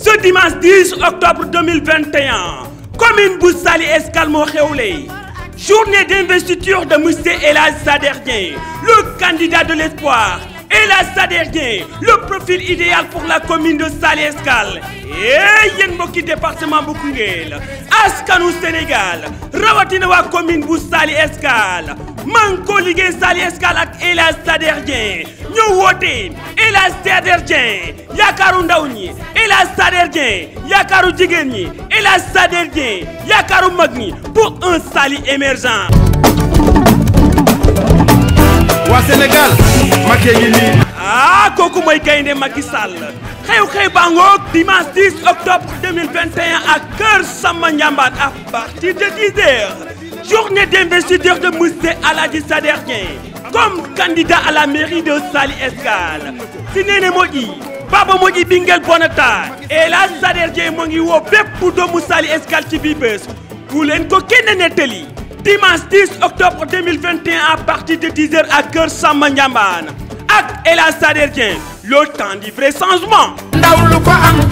ce dimanche 10 octobre 2021 commune bu Saly Escale moo xewle journée d'investiture de monsieur El Hadj Sader le candidat de l'espoir El Hadj Sader le profil idéal pour la commune de Saly Escale et eh, yéen mbokki département bu Koungheul askanu Sénégal rawatina commune bu Saly Escale maa ngi liggéey Saly Escale ak El Hadj ñëw woote El Hadj Sader Dieng ndaw ñi El Hadj Sader Dieng jigéen ñi El Hadj Sader Dieng yaakaaru mag ñi pour un Saly émergent. waa Sénégal Macky ngi nii. ah kooku mooy gaynde Macky Sall xew-xew baa ngoog dimanche 10 Kër Samba Ndiambar à partir de 10 heures. journée d'investiture de Monsieur Aladji Sader Dieng comme à la mairie de Sali Escale si nee ne moƴƴi baba moƴƴi ɓinngel bonata El Hadji Sader Dieng ngi woo bépp doomu Sali Escale ci bii bés bu leen ko kenn nettali dimanche 10 octobre 2021 de 10 à Kër Samba Ndiambane ak El Hadji Sader Dieng le temps changement ndaw lu ko am